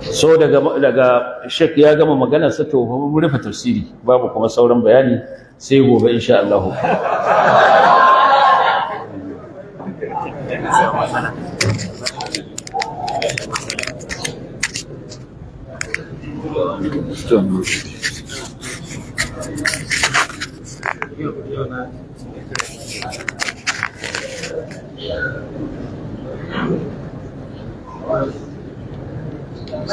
so daga daga shek ya gama magana sa to mun rufe tafsiri babu kuma sauran bayani sai gobe insha Allah Thank أعوذ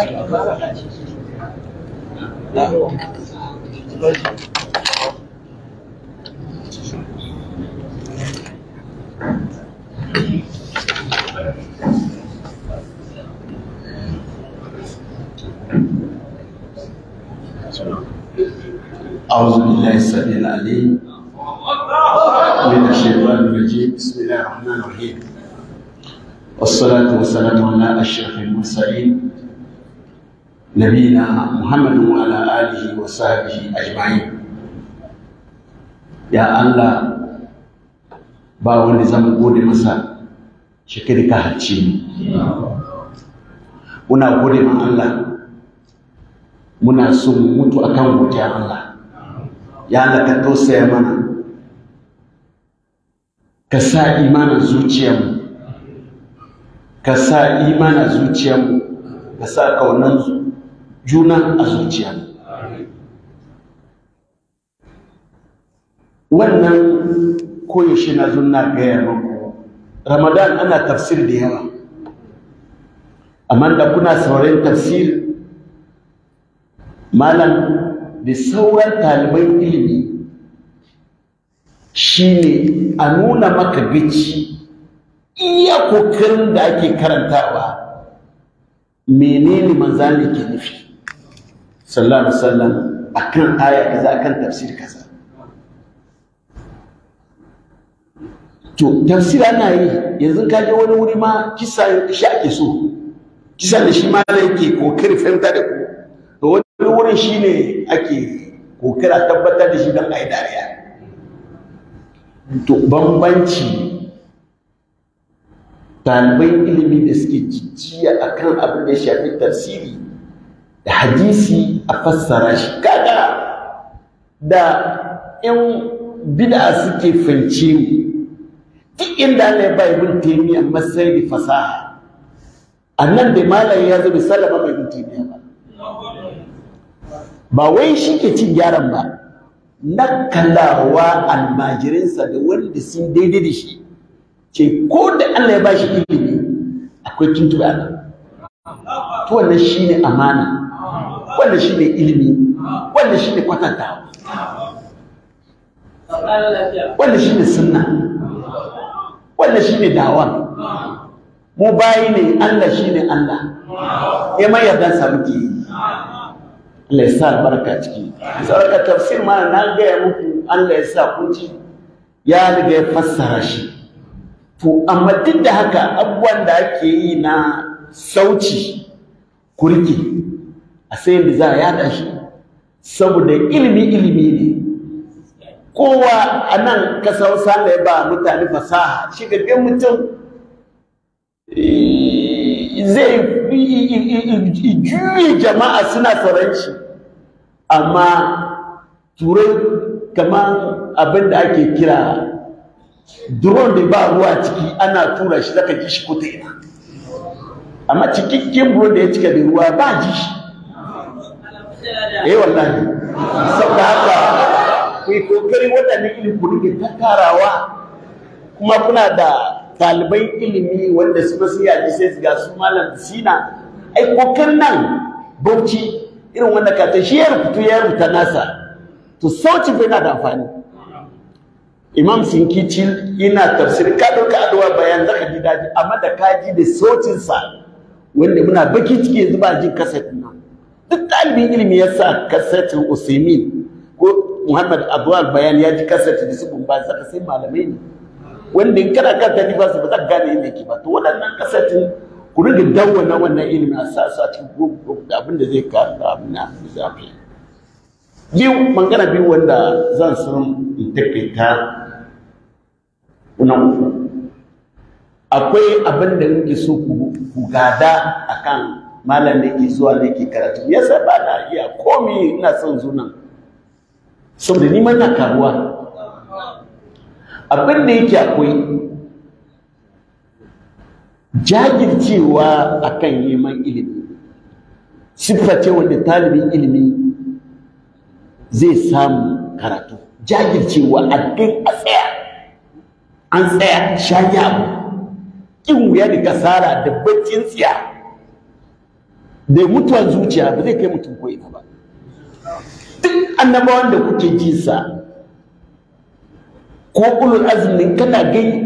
بالله السميع العليم من الشيطان الرجيم بسم الله الرحمن الرحيم والصلاة والسلام على أشرف المرسلين نبينا محمد وعلى آله وصحبه أجمعين ya Allah ba wani zan gode masa shekari ka harce ni muna gode ma Allah muna so mu mutu akan godiya Allah ya Allah ka tausaya mana ka sa imanin zuciyarmu ka sa iman a zuciyarmu ka sa kaunan juna a zuciyarmu wannan koyaushe na zo na gaya muku ramadan ana tafsir da yawa amma da kuna saurayin tafsir malam da sauran ɗaliban ilimi ne a nuna maka gici iya kokarin da ake karantawa menene manzali ke nufi sallallahu alaihi wasallam akan aya kaza akan tafsir kaza to tafsir ana yi yanzu ka je wani wuri ma kisa shi ake so kisa da shi ma da yake kokari fahimta da ku to wani wurin shi ne ake kokari a tabbatar da shi don a yi dariya to bambanci ɗaliban ilimi da suke jijjiya a kan abin da ya shafi tafsiri da hadisi a fassara shi kada da 'yan bida suke fince mu duk inda ne ya ba ibn taymiya matsayi da fasaha A nan da malam ya zo misali ba bin taymiya ba ba wai shi ke cin gyaran ba na kallawa almajirinsa da wanda sun daidai da shi ce ko da Allah ya bashi ilimi akwai tuntuɓe a to wannan shine amana wannan shine ilimi wannan shine kwatantawa wannan shine sunna wannan shine dawa mu bayi ne Allah shine Allah ya mai yardan sa muke Allah ya sa albarka ciki saboda tafsir ma na gaya muku Allah ya sa kun ya riga ya fassara shi to amma duk da haka abubuwan da ake yi na sauci kurki a sayan da za a yada shi saboda ilimi ilimi ne kowa a nan kasar sana ya ba mutane fasaha shi gabe mutum eh, zai juyi jama'a suna tsaron amma turai kamar abin da ake kira drone da ba ruwa ciki ana tura shi zaka ji shi ko ta ina amma cikakken buron da ya cika da ruwa ba ji shi eh wallahi saboda haka ku yi kokarin waɗannan ilimin ku rike takarawa kuma kuna da ɗalibai ilimi wanda su ya ji sai ga su malam sina ai kokarin nan bauchi irin wanda ka ta shi ya ya rubuta nasa to sauci bai na da amfani imam sinkici ina tafsir ka dauka addu'a bayan zaka ji daji amma da ka ji da sautin sa wanda muna baki ciki yanzu ba jin kaset na duk talibin ilimi ya sa kasetin usaimin ko muhammad abdul bayan ya ji kaset da su ba zaka sai malamai ne wanda in kana kan tani ba su ba zaka gane inda yake ba to waɗannan kasetin ku ringa dawwana wannan ilimi a sa su a cikin group da abin da zai ka abin da zai biyu mangana biyu wanda zan san interpretar na ufa akwai abin da nke so ku gada kan malam da ke zuwa da ke karatu ya sai ba na iya komi ina son zunan saboda ni na karuwa abin da yake akwai jajircewa akan neman ilimi siffa ce wanda talibin ilimi zai samu karatu jajircewa a duk a tsaya an tsaya shanya abu ƙin wuya da kasara da baccin tsiya da mutuwar zuciya ba zai kai mutum ko ina ba duk annabawan wanda kuke jinsa ko ulul azumin kana gai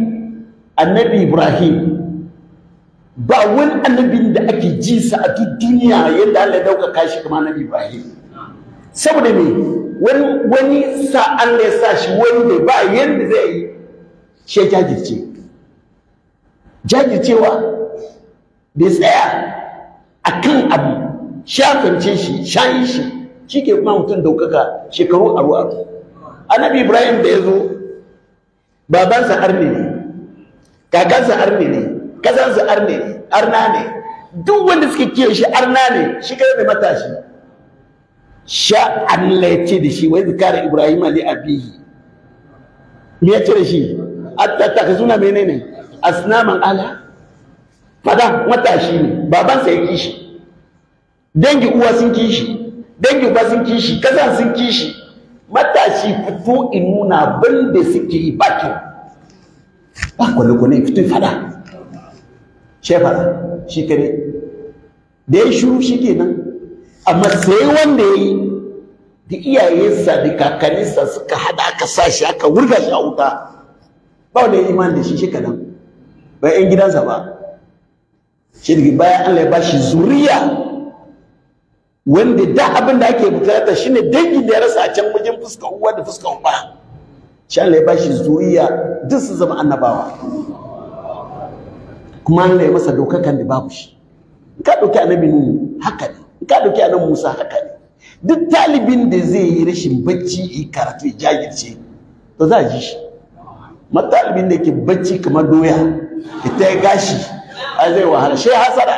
annabi ibrahim ba wani annabin da ake jinsa a duk duniya yadda Allah ya ɗaukaka shi kamar annabi ibrahim saboda me wani sa Allah ya sa shi wani da ba yadda zai yi shi jajirce jajircewa da tsaya a kan abu shafance shi shayi shi shi ke kuma mutum daukaka shekaru aru Ana annabi ibrahim da ya zo babansa arne ne kakansa arne ne kasansa arne ne arna ne duk wanda suke kiyaye shi arna ne shi kai mai matashi sha Allah ya ce da shi wai zikara Ibrahim ali abihi me ya ce da shi attakazuna menene asnaman ala fada matashi ne baban sa ya kishi dangi uwa sun kishi dangi uba sun kishi kasan sun kishi matashi fito in nuna ban da suke yi bakin ba ko ne fito fada shefara shi kare da shuru shi kenan amma sai wanda ya yi da iyayensa da kakanninsa suka hada aka sa shi aka wurga shi a wuta ba wanda ya imani da shi shi kadan ba yan gidansa ba shi daga bayan Allah ya ba shi zuriya wanda da abin da ake bukata shine dangin da ya rasa a can wajen fuska uwa da fuska uba shi Allah ya ba shi zuriya duk su zama annabawa kuma Allah ya masa dokakan da babu shi ka ɗauki annabi nuhu haka ne ka dauki anan Musa haka ne duk talibin da zai yi rashin bacci yi karatu ya jagirce to za a ji shi ma talibin da ke bacci kamar doya ita ya gashi a zai wahala shi hasara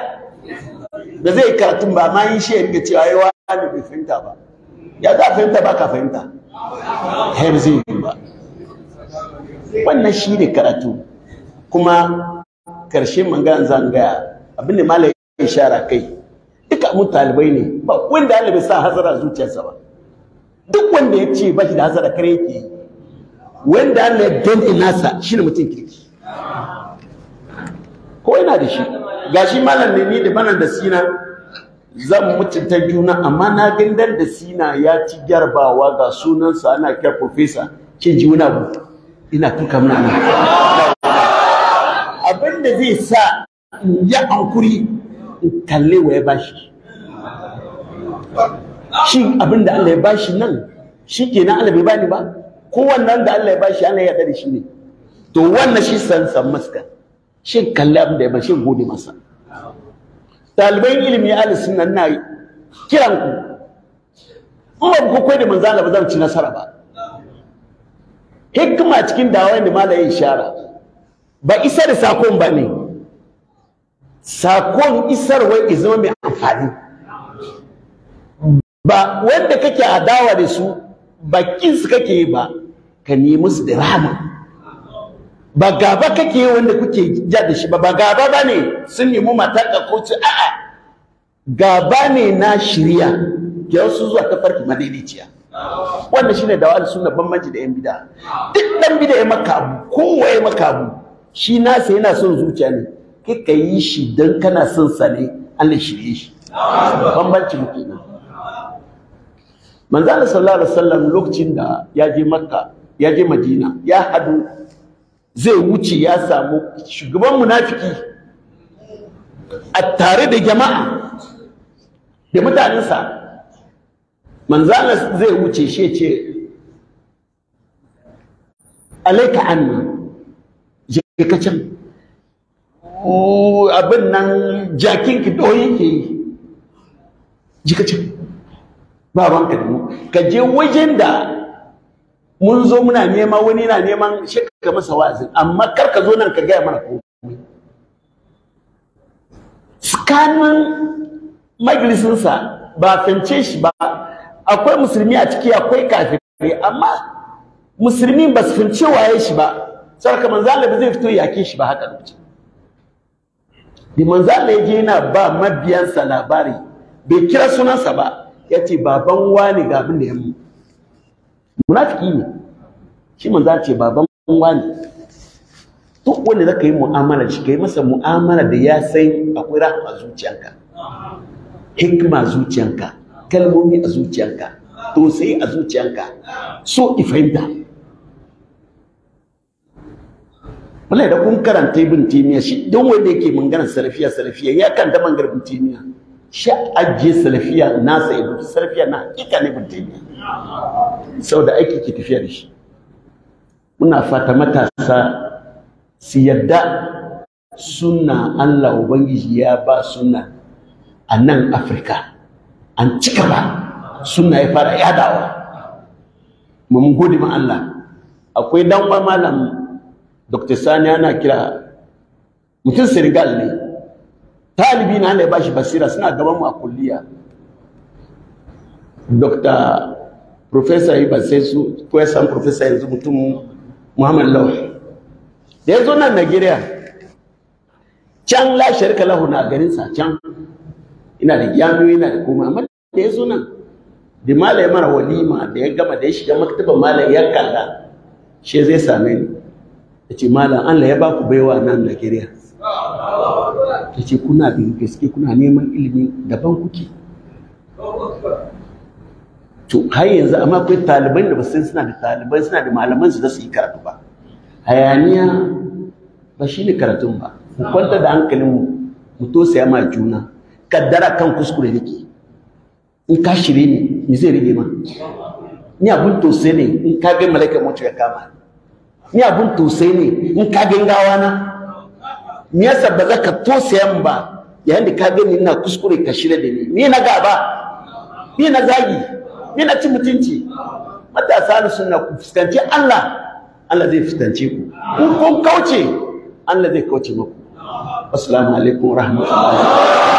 da zai karatun ba ma yi shi ya riga cewa yawa ne bai fahimta ba ya za fahimta ba ka fahimta har zai yi ba wannan shi ne karatu kuma karshen magana zan gaya abinda malam shara kai duka mu talibai ne ba wanda Allah bai sa hazara zuciyarsa ba duk wanda ya ce ba shi da hazara kare yake yi wanda Allah ya nasa shine mutum kirki ko ina da shi gashi malam ne ni da banan da sina zan mutunta juna amma na gandar da sina ya ci gyarbawa ga sunansa ana kira professor ke ji wani abu ina tuka mana abin zai sa ya ankuri kallewa ya bashi shi abin da Allah ya bashi nan shi kenan Allah bai bani ba ko wannan da Allah ya bashi Allah ya da shi ne to wannan shi san san maska shi kalle abin da ya bashi gode masa talibai ilimi ahli sunna na kiran ku in ku koyi da manzo Allah ba zan ci nasara ba hikima cikin dawai da malayin shara ba isa da sakon ba ne sakon isarwa ya zama mai amfani ba wanda kake adawa da su bakin su kake ba ka nemi su da rama ba gaba kake wanda kuke ja da shi ba ba gaba ba ne sun nemi mataka ko ci a'a gaba ne na shirya ke su zuwa ta farki madaidaiciya wannan shine da suna bambanci da yan bida duk dan bida ya maka abu kowa ya maka abu shi nasa yana son zuciya ne kika yi shi dan kana son sa ne Allah shirye shi bambanci mu kenan manzo Allah sallallahu alaihi wasallam lokacin da ya je Makka ya je Madina ya hadu zai wuce ya samu shugaban munafiki a tare da jama'a da mutanensa manzo Allah zai wuce shi ya ce alaika anni je ka can abin nan jakin ki to yake yi ji ka ce ba ban ka mu ka je wajen da mun zo muna nema wani na neman shi ka masa wa'azin amma kar ka zo nan ka gaya mana komai tsakanin majalisinsa ba fance shi ba akwai musulmi a ciki akwai kafirai amma musulmi ba su fince waye shi ba sarka manzo Allah ba zai fito yake shi ba haka lokaci da manza Allah ya je yana ba mabiyansa labari bai kira sunansa ba ya ce baban wani ga abin da ya mu munafiki ne shi manzo Allah ce baban wani duk wanda zaka yi mu'amala shi kai masa mu'amala da ya san akwai rahama zuciyanka hikma zuciyanka kalmomi a zuciyanka to sai a zuciyanka so ifahimta Mala da kun karanta ibn Taymiya shi don wanda yake maganar salafiya salafiya ya karanta maganar ibn Taymiya shi ajiye salafiya nasa ibn salafiya na hakika ne ibn Taymiya saboda aiki ke tafiya da shi muna fata matasa su yadda sunna Allah ubangiji ya ba sunna a nan Afirka an cika ba sunna ya fara yadawa mun gode ma Allah akwai dan malam dr sani ana kira mutum senegal ne talibi na ya bashi basira suna gaban mu a kulliya dr professor yi basai su san professor yanzu mutum muhammad lawa da ya zo nan nigeria can la sharika lahu na sa can ina da jami'o ina da kuma amma da ya zo nan da malai mara walima da ya gama da ya shiga maktabar malai ya kalla shi zai same ni ta ce malam Allah ya ba ku baiwa nan Najeriya ta ce kuna gaske kuna neman ilimi daban kuke to har yanzu amma akwai taliban da ba sai suna da talibai suna da malaman su da su yi karatu ba hayaniya ba shi ne karatun ba mu kwanta da hankalin mu mu to saya ma juna kaddara kan kuskure nake in ka shirye ne me zai rage ma ni abun to sai ne in ka ga malaikar mutu ya kama ni ni abun tosai ne in ka gawa na me yasa ba za ka tosaya mu ba yayin da ka gani ina kuskure ka shirya da ni ni na gaba ni na zagi ni na ci mutunci matasa na sunna ku fuskanci Allah Allah zai fuskanci ku kun kun kauce Allah zai kauce muku assalamu alaikum rahmatullahi